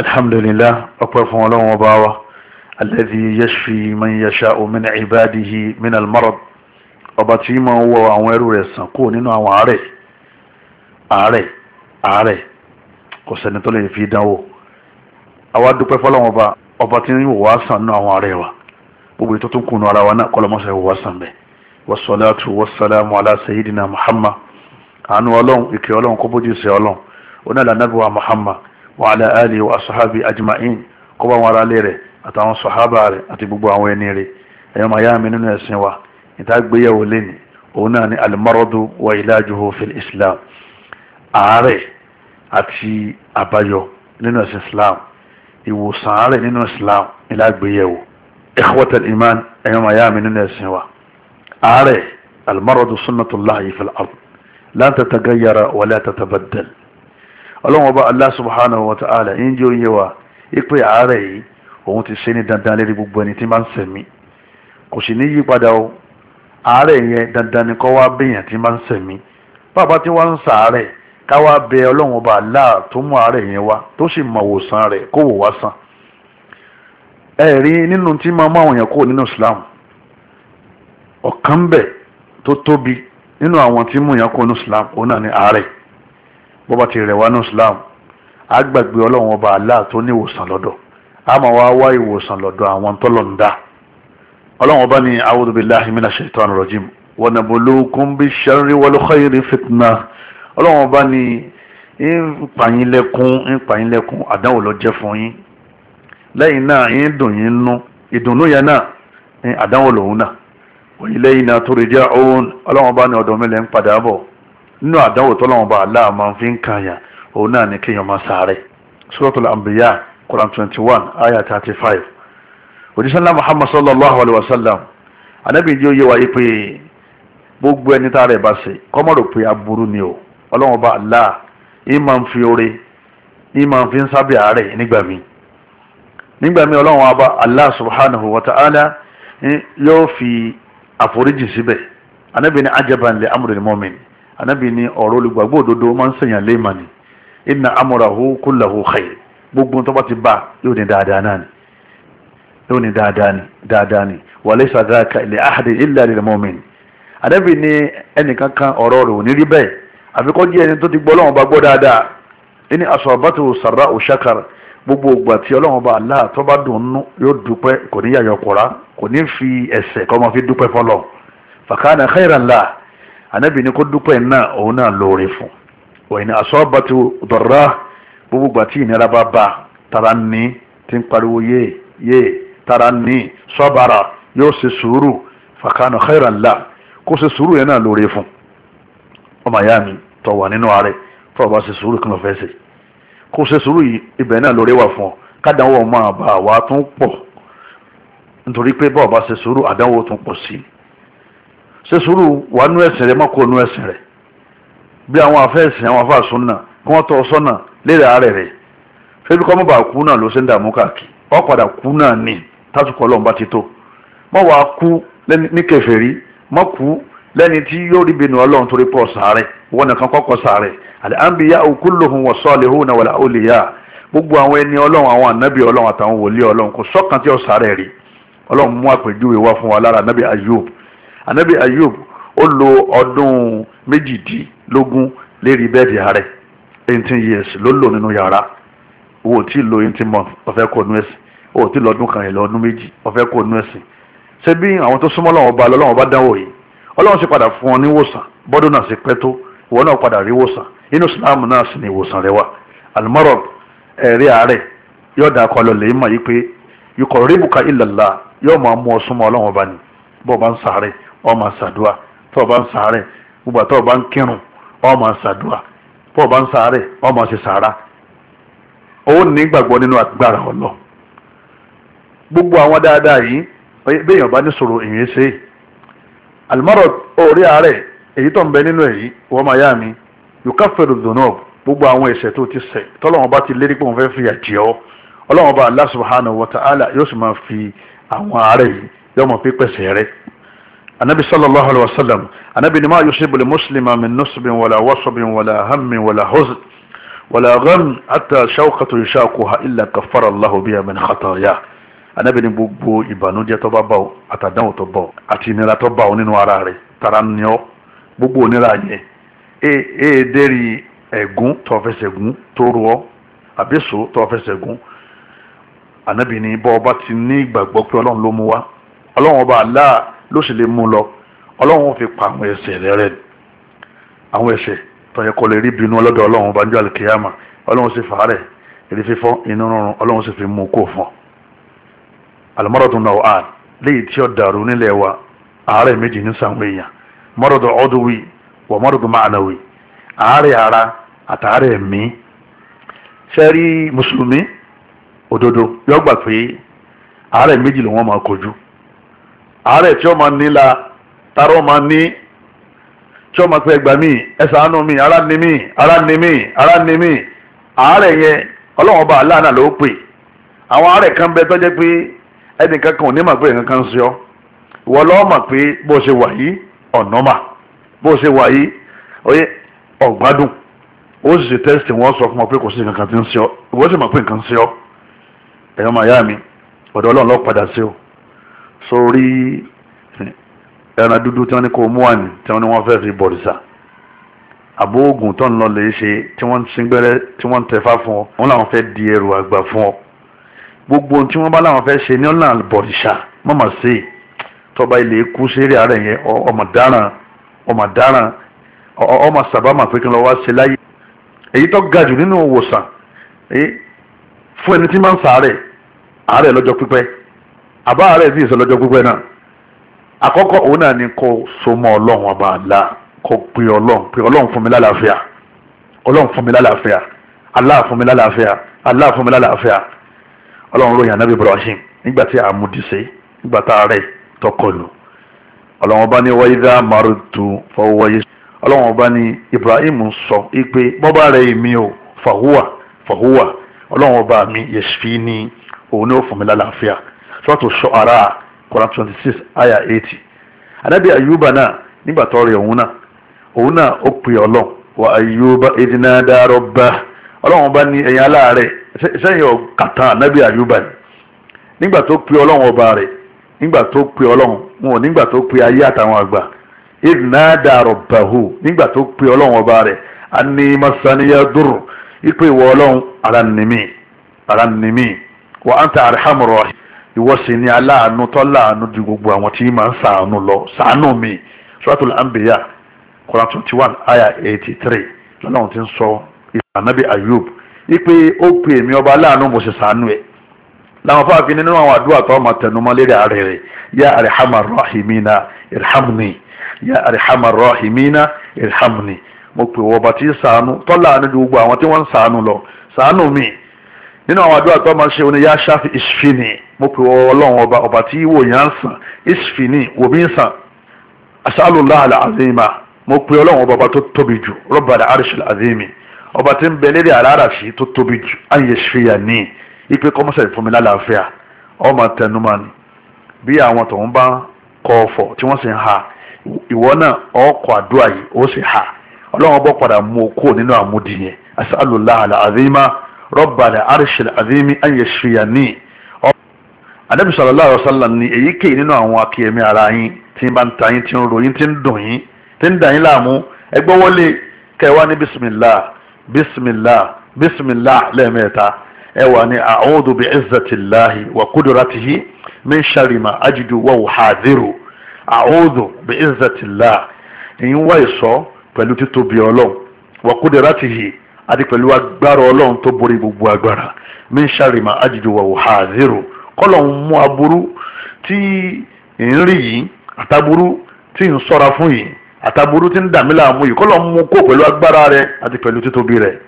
alhamdulillah ọpẹ́ fún ọlọ́run ọba wa alladhi yashfi man yasha'u min ibadihi min almarad ọba tí ma ń wọ àwọn ẹrú rẹ̀ sàn kúrò nínú àwọn àárẹ̀ àárẹ̀ àárẹ̀ kò sẹ́ni tó lè fi dánwò àwa dúpẹ́ fọlọ́wọ́n ọba ọba tí ń wò wá sàn nínú àwọn àárẹ̀ wa gbogbo ètò tó kùnú ara wa náà kọlọmọsẹ̀ wò wá sàn bẹ́ẹ̀ wasalaatu wasalaamu ala sayidina muhammad àánú ọlọ́run ìkẹ́ ọlọ́run kó bójú sí ọlọ́run onílànà muhammad wa ala alihi wa ashabi ajma'in kó bá wọn ara lé rẹ̀ àtàwọn sọ̀hábà rẹ̀ àti gbogbo àwọn ẹni rẹ̀ ẹ̀yọ́ máa yá mi nínú ẹ̀sìn wa ìtàgbéyàwó lẹ́ni òun náà ni alimarọ́dù wa ilajuhu fil islam àárẹ̀ àti àbáyọ nínú ẹ̀sìn islam ìwòsàn àárẹ̀ nínú islam ìlàgbéyàwó ikhwatal iman ẹ̀yọ́ máa yá mi nínú ẹ̀sìn wa àárẹ̀ alimarọ́dù sunnatullahi fil ard la tatagayyara wa la tatabaddal ọlọ́run ọba Allah subhanahu wa ta'ala yín jẹ́ oyè wa ipe àárẹ̀ yìí òun ti ṣe ní dandan lérí gbogbo ẹni tí máa ń sẹ̀mí kò sì ní yí padà o àárẹ̀ yẹn dandan ni kọ́ wá béèyàn tí máa ń sẹ̀mí bàbá tí wọ́n ń sàárẹ̀ ká wá bẹ ọlọ́run ọba Allah tó mú àárẹ̀ yẹn wá tó sì mọ òwòsàn rẹ̀ kó wò wá sàn ẹ̀rí nínú tí máa máa wọ̀nyàn kó nínú Islam ọ̀kan bẹ̀ tó tóbi nínú àwọn tí mú yàn kó nínú Islam òun náà ni àárẹ̀ bọ́ba ti rẹ̀ wá ní islam á gbàgbé ọlọ́run ọba Allah tó ní ìwòsàn lọ́dọ̀ á máa wá wá ìwòsàn lọ́dọ̀ àwọn tọ́lọ̀ ń dá ọlọ́run ọba ní a'udhu billahi minash shaitani rajim wa nabluukum bish-sharri wal khayri fitna ọlọ́run ọba ní ìpàyínlẹ́kún ìpàyínlẹ́kún àdánwò ló jẹ́ fún yín lẹ́yìn náà yín dùn yín nú ìdùnnú yẹn náà àdánwò lòun náà wa ilayna turja'un ọlọ́run ọba ní ọ̀dọ̀ mi lẹ́ ń padà bọ̀ nínú àdánwò tọ́lọ́wọ́n bá aláà máa fi ń kàyà òun náà ní kéèyàn máa sáré suratul anbiya quran twenty one ayah thirty five òjísànlá muhammad sallallahu alayhi wa sallam anábì ìdí òye wáyé pé gbogbo ẹni tá a rẹ̀ bá ṣe kọ́mọ̀rò pé aburú ni o ọlọ́wọ́n bá aláà yìí máa ń fi oore yìí máa fi ń sábẹ́ àárẹ̀ nígbà míì nígbà míì ọlọ́wọ́n bá aláà subhanahu wa ta'ala yóò fi àforíjì síbẹ̀ anábì ní ajaban li amril mu'min anábì ní ọ̀rọ̀ olùgbàgbọ́ òdodo máa ń sèyàn léèmà ni inna amúrahu kullahu khayr gbogbo tó bá ti bá yóò ní dáadáa náà ni yóò ní dáadáa ni dáadáa ni wa laysa dhaka li ahadin illa lil mu'min anábì ní ẹnìkankan ọ̀rọ̀ rẹ̀ ò ní rí bẹ́ẹ̀ àfikọ́ díẹ̀ ni tó ti gbọ́ lọ́wọ́ bá gbọ́ dáadáa ẹni asabatu sarra'u shakara gbogbo ògbà tí ọlọ́run bá Allah tó dùn nú yóò dúpẹ́ kò ní anabi ni kó dúpẹ́ náà òun náà lóore fún òun ni asọ́bàtú dọ̀rọ̀ gbogbo gbà tí ìnira bá bá tara ní ti ń pariwo yé yé tara ní sọ́bàrà yóò ṣe sùúrù fàkànà khairan la kó ṣe sùúrù yẹn náà lóore fún ọmọ ìyá mi tó wà nínú ààrẹ fún ọba ṣe sùúrù kí fẹ́ ṣe kó ṣe sùúrù yìí ibẹ̀ náà lóore wà fún ọ kádàáwọ̀ máa bá wa tún pọ̀ nítorí pé bọ́ọ̀ bá ṣe sùúrù àdánwò tún pọ̀ sí i Sesuru sùúrù wà nú ẹ̀sìn rẹ mọ́kò nú ẹ̀sìn rẹ bí àwọn afẹ́sìn àwọn afáàsùn náà kí wọ́n tọ́ ọ sọ́nà léèrè ààrẹ rẹ fẹ́ẹ́ bí kọ́ mọ́ bá kú náà ló ṣe ń dààmú káàkiri ọ padà kú náà ní tásùkọ́ ọlọ́run bá ti tó mọ́ wàá kú ní kèfèrí mọ́ kú lẹ́ni tí yóò rí bínú ọlọ́run torí pọ̀ sàárẹ̀ wọn nìkan kọ́kọ́ sàárẹ̀ àlẹ́ àǹbíyá kulluhum wa salihuna wal awliya gbogbo àwọn ẹni ọlọ́run àwọn ànábì ọlọ́run àtàwọn wòlíì ọlọ́run kò sọ́kàn tí rí ọlọ́run mú àpèjúwe wá fún wa lára ànábì ayub anabi ayub ó lo ọdún méjìdínlógún lérí bẹ́ẹ̀dì ààrẹ eighteen years ló lò nínú yàrá owó tí lo eighteen months ọ̀fẹ́ kò nu ẹ̀sìn owó tí lọ́dún kan yẹn lọ́dún méjì ọ̀fẹ́ kò nu ẹ̀sìn ṣé bí àwọn tó súnmọ́ lọ́wọ́ ba lọ́wọ́ bá dánwò yìí ọlọ́run sì padà fún ọ ní wòsàn bọ́dún náà sì pẹ́ tó ìwọ náà padà rí wòsàn inú islam náà sì ni ìwòsàn rẹ wà almarad ẹ̀rí ààrẹ yóò dà kọ́ lọ́lẹ̀ ìmọ̀ yìí pé yukọ̀ ríbùkà illallah yóò máa mú ọ súnmọ́ ọlọ́run ọba ni bọ́ọ̀ bá ń sàárẹ̀ ọ máa ṣàdúà bá ń sàárẹ̀ gbogbo àtọ́ bá ń kírun ọ máa ṣàdúà bá ọ ṣe sàárà ó ní gbàgbọ́ nínú agbára ọlọ́ gbogbo àwọn dáadáa yìí béèyàn bá ní sọ̀rọ̀ èyí ṣe é àlùmọ́rọ̀ orí ààrẹ èyí tó ń bẹ nínú èyí wọ́n máa yá mi gbogbo àwọn ẹ̀ṣẹ̀ tó ti ṣẹ̀ tọ́lọ́wọ́n anabi sallallahu alaihi wasallam anabi ni ma yusibu li muslima min nusbin wala wasabin wala hammin wala huzn wala gham hatta shawqatu yashaquha illa kaffara Allahu biha min khataaya anabi ni gbogbo ìbànújẹ́ tó bá bá o àtàdánwò tó bá o àti ìnira tó bá o nínú ara rẹ̀ tara ni ọ gbogbo onira yẹn e e deri ẹ̀gún tó fẹsẹ̀ gún tó ru ọ àbẹ́sọ tó fẹsẹ̀ anabi ni bọ́ ọba ti ní ìgbàgbọ́ pé ọlọ́run ló mú wa ọlọ́run ọba Allah ló sì lè mú lọ ọlọ́run fi pa àwọn ẹsẹ̀ rẹ̀ àwọn ẹsẹ̀ tó lè rí bínú ọlọ́dọ̀ ọlọ́run bá ń jọ ọlọ́run sì fàárẹ̀ èdè fífọ́ inú rọrùn ọlọ́run sì fi mú kó fún ọ. náà léyìí tí ó dàrú nílẹ̀ wa àárẹ̀ ara àtàárẹ̀ sẹ́rí mùsùlùmí òdodo ààrẹ tí ó máa níla tarọ́ máa ní tí ó máa pẹ́ gbà mí mi ara ni mí ara ni mí ara ni mí àárẹ̀ yẹn ọlọ́wọ́n bá aláàánà ló pè àwọn kan bẹ tó pé ẹnìkan kan ò ní mà pé nǹkan kan sọ wọ́n lọ́ọ́ mà pé bó ṣe wà yìí ọ̀nà mà bó ṣe wà yìí oyè ọ̀gbádùn ó sì ṣe tẹ́sítì wọ́n sọ fún o. sórí eh, ẹran dúdú tí wọ́n ní kó mú wà ní tí wọ́n ní wọ́n fẹ́ fi bọ̀rìṣà àbó oògùn tó ń lọ lè ṣe tí wọ́n ń síngbẹ́rẹ́ tí wọ́n ń tẹ̀fá fún ọ wọn làwọn fẹ́ di ẹrù àgbà fún ọ gbogbo ohun tí wọ́n bá làwọn fẹ́ ṣe ní ọ̀là bọ̀rìṣà mọ̀mọ́ sí i tọ́ba ilé kú sérè àárẹ̀ yẹn ọmọ dáràn ọmọ dáràn ọmọ sàbámà pé kí n lọ wá ṣe láyé èyí tó ga jù nínú òwòsàn eh, fún ẹni tí máa ń sàárẹ̀ àárẹ̀ lọ́jọ́ pípẹ́ àbá rẹ̀ sì sọlọ́jọ́ gbogbo ẹ̀ náà àkọ́kọ́ òun náà ni kó so mọ́ ọlọ́run ọba àlá kó pe ọlọ́run pe ọlọ́run fún mi lálàáfíà ọlọ́run fún mi lálàáfíà Allah fún mi lálàáfíà Allah fún mi lálàáfíà ọlọ́run ròyìn anábì Ibrahim nígbà tí àmúdìsẹ́ nígbà tá a rẹ̀ tọkọlù ọlọ́run ọba ní wáyé dá márùtù fọwọ́yé ọlọ́run ọba ní Ibrahim sọ ipe bọ́bá rẹ̀ mi ò fàhùwà fàhùwà ọlọ́run ọba mi yẹ̀sìfì ní òun ní ó fún mi lálàáfíà sọ́ọ̀tù ṣọ́ara Quran twenty six aya eighty anabi ayuba náà nígbà tó rẹ̀ òun náà òun náà ó pè ọlọ́run wa ayuba idina dárọ́ bá ọlọ́run bá ní ẹ̀yìn aláàárẹ̀ sẹ́yìn ọ̀kàtà anabi ayuba ni nígbà tó pè ọlọ́run ọba rẹ̀ nígbà tó pè ọlọ́run wọn ò nígbà tó pè ayé àtàwọn àgbà idina dárọ́ bá hù nígbà tó pè ọlọ́run ọba rẹ̀ ani masaniya dùrù ipe ìwọ ọlọ́run ara nìmí ara nìmí wa anta arhamu rahim ìwọ sì ni aláàánú tọ́láàánú ju gbogbo àwọn tí máa ń sàánú lọ sàánú mi suratul anbiya Quran twenty one aya eighty three lọ́nà tí ń sọ ìsànábì Ayub ipe ó pe èmi ọba aláàánú mo sì sàánú ẹ̀ làwọn fáàfin nínú àwọn àdúrà tó ọmọ tẹnumọ́ lérí ààrẹ rẹ̀ ya arhamar rahimina irhamni ya arhamar rahimina irhamni mo pè wọ́n bàtí sàánú tọ́láàánú ju gbogbo àwọn tí wọ́n ń sàánú lọ sàánú mi nínú àwọn àdúrà tó máa ń ṣe òní yá ṣáfi ìṣfìní mo pè ọ ọlọ́run ọba ọba tí wò yàn sàn ìṣfìní wò mí sàn asálùlá àlàzímà mo pè ọlọ́run ọba ọba tó tóbi jù rọ́bàdà àrìṣìlá àzímì ọba tí ń bẹ lédè àràràṣì tó tóbi jù ayé ṣfìyà ní ipe kọ́mọ́sẹ̀ fún mi lálàáfíà ọmọ tẹnumọ́ ni bí àwọn tó ń bá kọ ọ̀fọ̀ tí wọ́n sì ń ha ìwọ náà ọkọ̀ àdúrà yìí ó sì ha ọlọ́run ọba padà mú okó nínú àmúdìyẹn asálùlá àlàzímà rọ́bàlẹ̀ arṣẹ̀lẹ̀ àdéhìmí ayẹ̀ṣìyàní anabi sallallahu alaihi wa sallam ni èyíkéyìí nínú àwọn akíyèmí ara yín tí ń bá ń ta yín tí ń ro yín tí ń dùn yín tí ń dà yín láàmú ẹgbẹ́ wọlé kẹwàá ní bisimilah bisimilah bisimilah ẹ wà ní a'udhu bi izzatillahi wa kudratihi min sharri ma ajidu wa uhadhiru a'udhu bi izzatillahi ìyín wá ìsọ pẹ̀lú títóbi ọlọ́run wa kudratihi àti pẹ̀lú agbára ọlọ́run tó borí gbogbo agbára min sharri ma ajidu wa uhadhiru kọ́lọ́hún mú aburú tí ń rí yìí àtàburú tí ń sọ́ra fún yìí àtàburú tí ń dàmí láàmú yìí kọ́lọ́hún mú kó pẹ̀lú agbára rẹ àti pẹ̀lú títóbi rẹ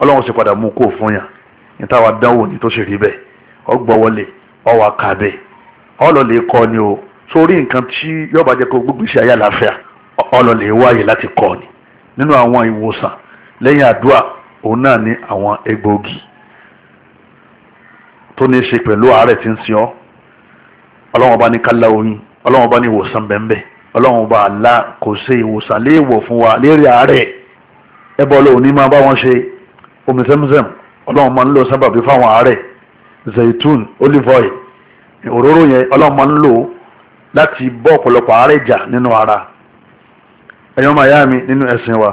ọlọ́run sì padà mú kó fún yàn ní táwa dánwò ní tó ṣe rí bẹ́ẹ̀ ọgbọ́ wọlé ọwà kàbẹ́ ọlọ́lẹ̀ kọ́ ni o sórí nǹkan tí yọba jẹ́ kó gbogbo iṣẹ́ ayé àlàáfíà ọlọ́lẹ̀ wáyé láti kọ́ ni nínú àwọn ìwòsàn lẹ́yìn àdúrà òun náà ní àwọn egbòogi tó ní í ṣe pẹ̀lú àárẹ̀ tí ń sin ọ́ ọlọ́wọ́n bá ní kálá oyin ọlọ́wọ́n bá ní ìwòsàn bẹ́ẹ̀ ọlọ́wọ́n bá àlá kò ṣe ìwòsàn léèwọ̀ fún wa léèrè àárẹ̀ ẹbọ lòun ní máa bá wọn ṣe omi zemzem ọlọ́wọ́n máa ń lò sábàbí fáwọn àárẹ̀ zaitun olive oil òróró yẹn ọlọ́wọ́n máa ń lò láti bọ́ ọ̀pọ̀lọpọ̀ àárẹ̀ jà nínú ara ẹ̀yọ́ màyá mi nínú ẹ̀sìn wa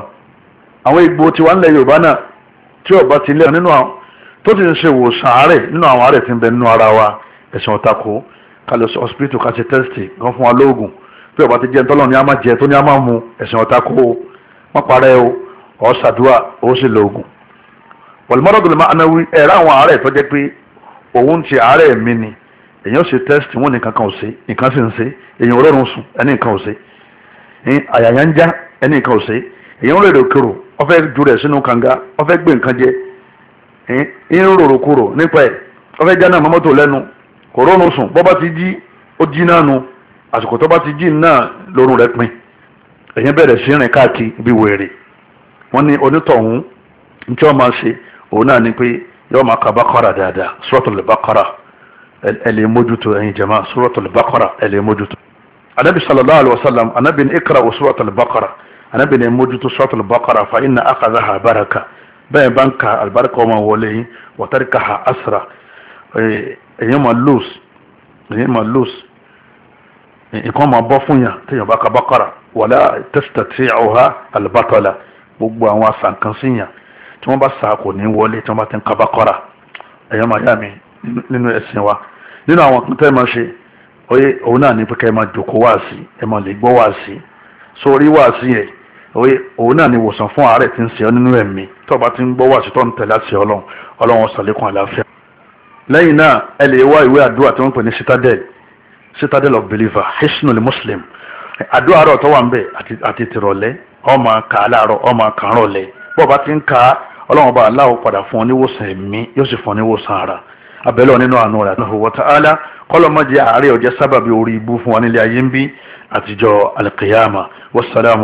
àwọn egbò tiwa ńlẹ̀ yorùbá náà tí ọba ti lẹ́nu nínú àwọn tó ti ń ṣe wòsàn àárẹ̀ nínú àwọn àárẹ̀ tí ń bẹ nínú ara wa ẹ̀sìn ọ̀tako kalẹ̀ hospital ká ṣe gan fún wa lóògùn bí ọba ti jẹ́ ntọ́lọ́ ni a máa tó ní a mu ẹ̀sìn ọ̀tako má parẹ́ o ọ̀ ṣàdúrà ó sì lóògùn. wọ̀lùmọ́dọ́gbọ̀lù máa náwó ẹ̀rọ àwọn àárẹ̀ tó jẹ́ pé òun ti àárẹ̀ mi ni èyàn ṣe tẹ́sítì wọn nìkan kan ò ṣe nǹkan sì ń ṣe èyàn ọfẹ́ ju rẹ̀ sínú kànga ọfẹ́ gbé nǹkan jẹ ń rorò kúrò nípa ẹ̀ ọfẹ́ jáná mọ́mọ́tò lẹ́nu kò rọrùn sùn bọ́ bá ti jí ó jí náà nu àsìkò tó bá ti jí náà lórun rẹ̀ pin ẹ̀yìn bẹ̀rẹ̀ sí rìn káàkiri bí wèrè wọ́n ní onítọ̀hún ní máa ṣe òun náà ni pé yọ́ọ́ máa ka bákọ́ra dáadáa suratul bákọ́ra ẹ̀lẹ́ mójútó ẹ̀yin jama suratul bákọ́ra ẹ̀lẹ́ mójútó. anabi sallallahu alayhi wa sallam anabi ni ikra suratul bákọ́ra arábìnrin mójútó suratul baqara fa inna akhadhaha baraka bẹ́ẹ̀ bá ń ka àlùbáríkà ọmọ wọlé yín wa tarkaha asra èyàn máa lose èyàn máa lose nǹkan máa bọ́ fún yàn téèyàn bá ka baqara wala tastati'uha al-batala gbogbo àwọn àsànkánsí yàn tí wọ́n bá sà kò ní wọlé tí wọ́n bá ti ń ka baqara èyàn máa yá nínú ẹ̀sìn wa nínú àwọn kan tẹ́ ẹ máa òun náà ní pé ká ẹ máa jòkó wáàsí ẹ máa lè gbọ́ wáàsí sórí wáàsí yẹn òun náà ni ìwòsàn fún àárẹ̀ tí ń ṣe ọ́ nínú ẹ̀mí tó bá ti ń gbọ́ wàásù tó ń tẹ̀lé àṣẹ ọlọ́run ọlọ́run ṣàlékún àlàáfíà. lẹ́yìn náà ẹ lè wá ìwé àdúrà tí wọ́n pè ní citadel citadel of believer hisnul muslim àdúrà rẹ̀ tó wà ń bẹ̀ àti tìrọ̀lẹ́ ọmọ kà á láàárọ̀ ọmọ kà á rọ̀lẹ́ bó bá ti ń ka ọlọ́run bá aláwọ̀ padà fún ọ níwòsàn ẹ̀mí yóò sì fún ọ níwòsàn ara abẹ́lẹ̀ nínú àánú rẹ̀ àti wa ta'ala kọ́lọ́mọ́jẹ àárẹ̀ ọ̀jẹ́ sábàbí orí ibú fún wa nílé ayé ń bí àtijọ́ alqiyama wassalamu